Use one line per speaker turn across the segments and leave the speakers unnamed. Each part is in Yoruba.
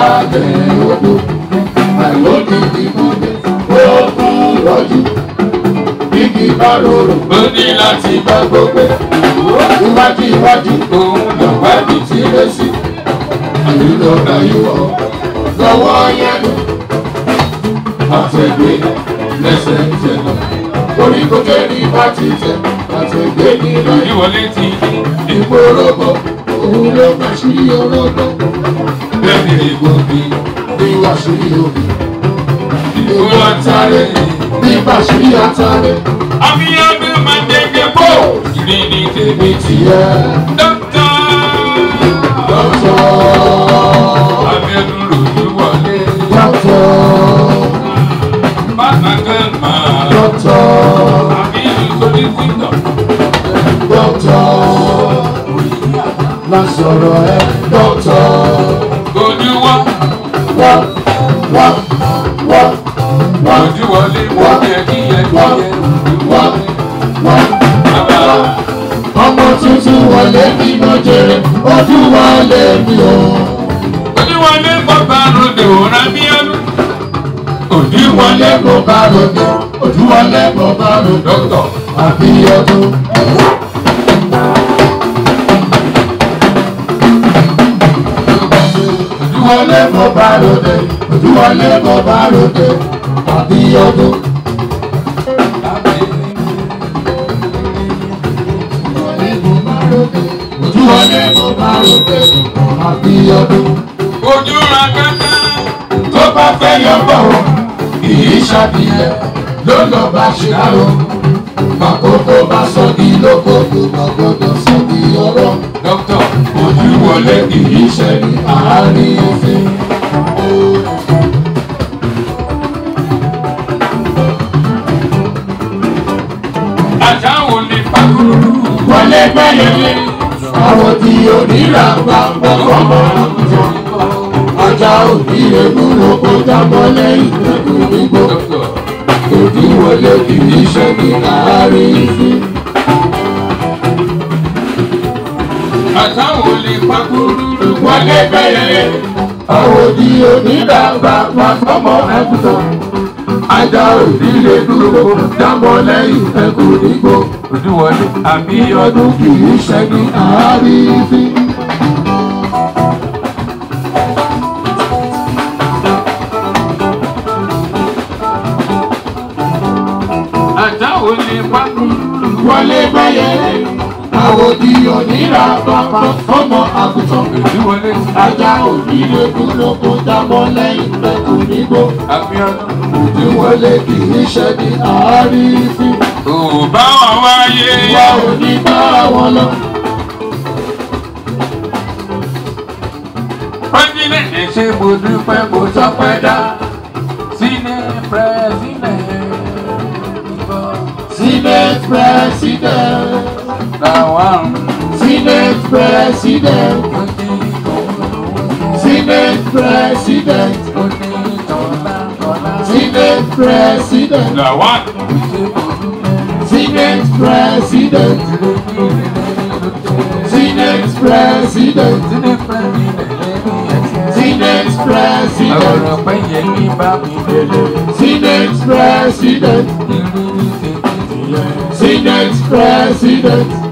lábẹ́ odò àìlódìdí kúndé ó kún rọ́jú igi bá rorò ó ní láti bá gbogbo iwájú iwájú òun lọ́wọ́dì tí lé sí àyílò àyíwọ̀ lọ́wọ́ yẹn lọ àtẹ̀gbé lẹ́sẹ̀ ń tẹ̀ lọ orí kókè ní bá ti tẹ̀ àtẹ̀gbé ní lọ ìwọlé ti ní ìgbòrògbò òun ló bá sí ọlọ́gbọ́n bẹ̀rẹ̀ òbí bí wàṣírí òbí. Ìwé àtàrẹ bí wàṣírí àtàrẹ. Abíyábí máa ń dẹ́gbẹ́ bò. Ìrì ni tèmi ti yẹ. Dókítà. Dókítà. Abẹ́nu lòdì wọlé. Dókítà. Bàbá kan máa. Dókítà. Àbíyábí tó ní síndọ̀. Dókítà. Má sọ̀rọ̀ ẹ̀ dókítà wọ́ wọ́ wọ́ wọ́. ojú wọlé wọ́ yẹ kí yẹ kí yẹ wọ́ wọ́ wọ́. ọmọ tuntun wọlé bí mo jèrè ojú wọlé mi o. ojú wọlé kò bá ròde òun abíọ́dún. ojú wọlé kò bá ròde ojú wọlé kò bá ròde dókítà abíọ́dún. kó bá ròde òjúwọlé kó bá ròde tàbí ọdún. òjúwọlé kó bá ròde tàbí ọdún. ojú ra kẹta. tó bá fẹ́ yọ bọ̀wọ̀ kì í ṣàbílẹ̀ ló lọ bá ṣìkàrò pàkókó bá sọ ní lókòkò gbàgbọ́dọ̀ sọ ní ọ̀rọ̀. dókítà ojú wọlé kì í àárín òfin. gbẹ́lẹ́gbẹ́lẹ́ àwọn tí onírà bá ń bọ̀ ọmọ ọjà òbí egúnlò kó jábọ́ lẹ́yìn lẹ́kùn gbígbó òbí wọlé kì í ṣe kí láàárín ìfín. àtàwọn olè pàkúrú wọlé gbẹ́lẹ́lẹ́ àwọn tí onírà bá ń bọ̀ ọmọ ajá òdílé dúró dábọ̀ lẹ́yìn ẹkù nígbò òdúwọlé àbí ọdún kì í ṣẹ́ni àárífín. ajá ò lè wọlé báyẹn àwòdì onírà pápá ọmọ àgùntàn ìdíwọlé ajá òdìlẹ́kùn ló kó jábọ́ lẹ́yìn lẹ́kùn nígbó òdìwọlé kì í ṣe ní àárín fún. ò bá wọn wáyé. wà ò ní bá wọn lọ. pẹ́ńdínlẹ̀ lè ṣe mo dúpẹ́ mo sọpẹ́ dá sílẹ̀ pẹ́sílẹ̀ ìbọn. sílẹ̀ pẹ́sílẹ̀. president. Senate president. Senate president. Now what? Senate president. Senate president. Senate president. Senate president. Senate president.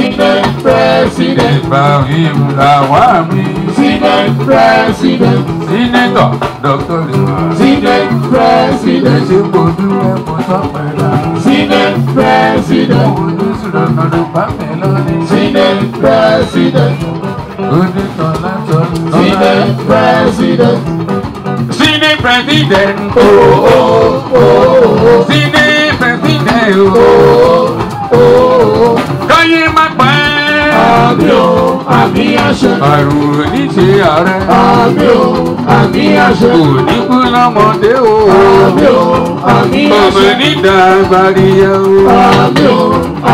Síbẹ̀ president. Ibrahim President, Síbẹ̀ president. President, Dr. President, Síbẹ̀ president. Ṣé bojú ẹ kò sọ pẹ̀lá? Síbẹ̀ president. Ojú sùrọ̀ lọ́dún pàmì lónìí. Síbẹ̀ president. Ojú kan látọ̀. Síbẹ̀ president. Síbẹ̀ president. Ooo ooo ooo. Síbẹ̀ president. Ooo ooo ooo. Lọ́yìn máa. o àmì àṣẹ. àrùn ò ní ṣe ààrẹ. àmì o àmì àṣẹ. kò ní kú lọ́mọdé o. àmì o àmì àṣẹ. ọmọ nígbà àgbàríyá o. àmì o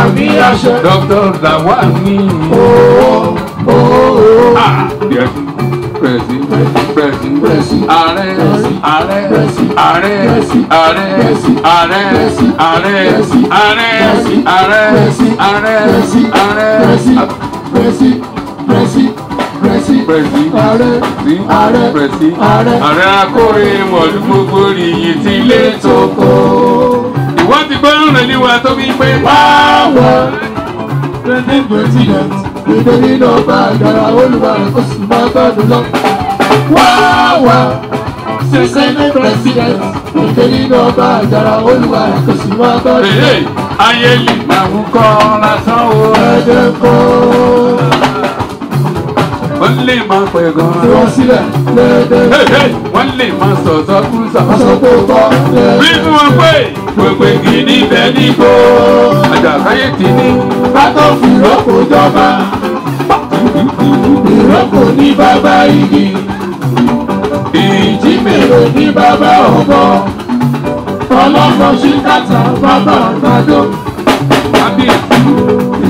àmì àṣẹ. dókítà làwa ní. ooo ooo. ah díẹ̀ tún pẹ̀sì pẹ̀sì pẹ̀sì ààrẹ ààrẹ ààrẹ ààrẹ ààrẹ ààrẹ ààrẹ ààrẹ ààrẹ ààrẹ. Presi, presi, presi, presi. Are, pẹ̀sì are. pẹ̀sì ààrẹ ààrẹ ààrẹ ààrẹ akóre mọ̀lú gbogbo rìyìn tí ilé tó kó. ìwọ́n ti gbọ́dọ̀ rẹ̀ ní wa tó fi pé. wáwọ̀ president president gbèdé nínú ọba àgbàrá olùwàrẹ̀ kò sì máa gbádùn lọ. wáwọ̀ president president gbèdé nínú ọba àgbàrá olùwàrẹ̀ kò sì máa gbádùn lọ ayé lè gbà ń kọ́ lásán wo ẹ̀jẹ̀ kọ́. wọ́n lè máa pẹ̀ gan-an. tí wọ́n sílẹ̀ lẹ́ẹ̀dẹ́. wọ́n lè máa sọ̀tọ̀ kú sàkóso tó kọ́. bí wọ́n pè pèpè kì í níbẹ̀ nígbò. àjàkáyé ti ní. bátó fìrókò jọba. ìrókò ní bàbá igi. ìjímèrò ní bàbá ọ̀gbọ́n ọlọ́mọ sí kàtà bàbá àgbàdo.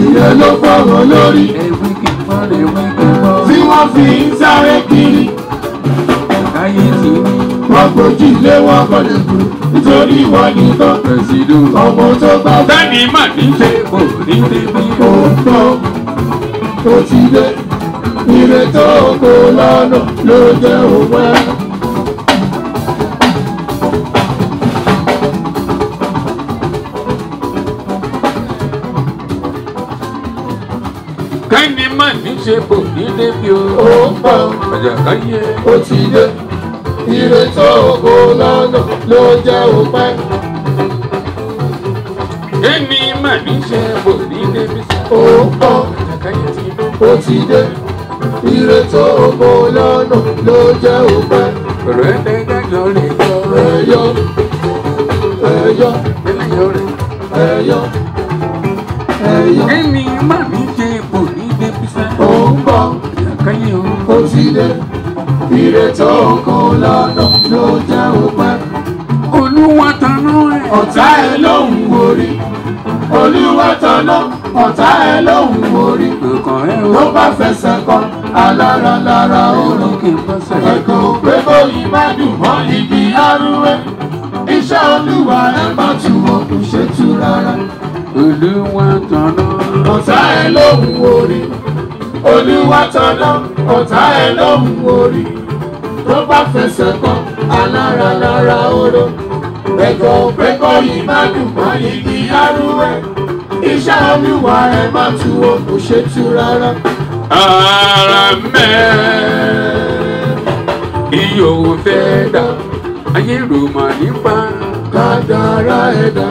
Iye ló fọ̀rọ̀ lórí. tí wọ́n fi ń sáré kiri. wọ́n gbòjì lé wọn kọ́lé kú nítorí wọn nìkan. ọmọ tó bá bá. sẹ́ni mà ní ṣe kò ní ṣe bí. kò tó kò ti dé ire tó lọ́nà ló jẹ́ òun kẹ́ni mà ní ṣe kò ní débi o. ó ń bọ̀ àjàkáyé ó ti dé ire tó o lọ́nà ló jẹ́ òpẹ́. kẹ́ni mà ní ṣe kò ní débi o. ó ń bọ̀ àjàkáyé ti dé ó ti dé ire tó o lọ́nà ló jẹ́ òpẹ́. rẹ̀ ẹ́ dájọ́ yọ. rẹ̀ yọ. rẹ̀ yọ. rẹ̀ yọ. rẹ̀ yọ. ire tó kù lọ́nà ló jẹ́ òpẹ́. olúwa tanná ẹ̀. ọ̀tá ẹ lòun borí olúwa tanná ọ̀tá ẹ lòun borí. ló bá fẹsẹ̀ kan alára lára òrò. ẹ̀kọ́ pé bóyí má dùn mọ́ ibi arúgbó iṣẹ́ olúwa ẹ̀ má tu òkú ṣe tú rárá. olúwa tanná. ọ̀tá ẹ lòun borí olúwa tanná ọ̀tá ẹ lòun borí tó bá fẹsẹ̀ kan alára lára oró ẹ̀kọ́ pẹ́kọ́ yìí má dùn mọ́ igi arúwẹ́ iṣẹ́ olúwa ẹ̀ má tu o ṣe tu rárá. ara mẹ́ ìyòwò fẹ́ dà ayé ròmọ̀ nípa kádàrá ẹ̀dá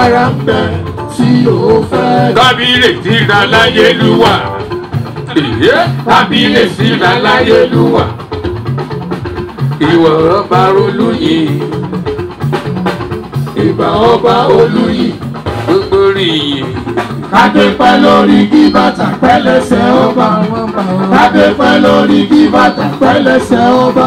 ara mẹ́ tí yóò fẹ́. tábìlì tí ra láyé lúwà tábìlì tí ra láyé lúwà ìwọ ọba olúyè ìbà ọba olúyè gbogbo rìnyè. kádépẹ́ lórí kí bàtà pẹ́lẹ́sẹ̀ ọba kádépẹ́ lórí kí bàtà pẹ́lẹ́sẹ̀ ọba.